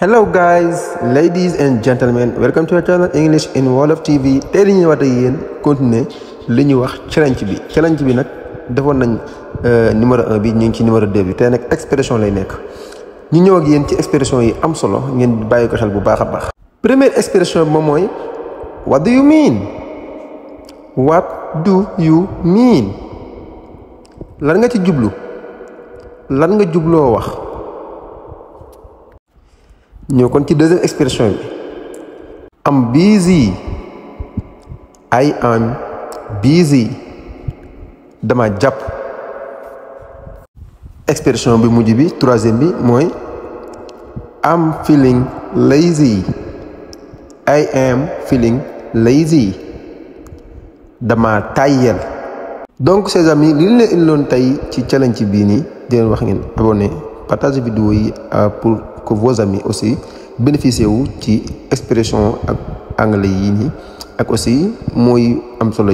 hello guys ladies and gentlemen welcome to our channel english in wolof tv tey li ñuy wax ak yéen continuer li ñuy wax challenge bi challenge bi nag defoon nañ euh, numéro 1 bi ñu ngi ci numéro 2 bi tey nag expression lay nekk ñu ñëw ak yéen ci expression yi am solo ngeen bàyyi ko xel bu baax a baax première expression bi moom mooy what do you mean what do you mean lan nga ci jublu lan nga jubloo wax ñëw kon ci deuxième expression bi am busy ay am busy dama jàpp expression bi mujj bi troisième bi mooy am filing lazy ay am filing lazy dama tàyyel donc ces amis li ñu leen indiloon tey ci challenge bii nii di wax ngeen abonné partagez vidéo euh, pour que vos amis aussi bénéficient de l'expression anglaise et aussi de am solo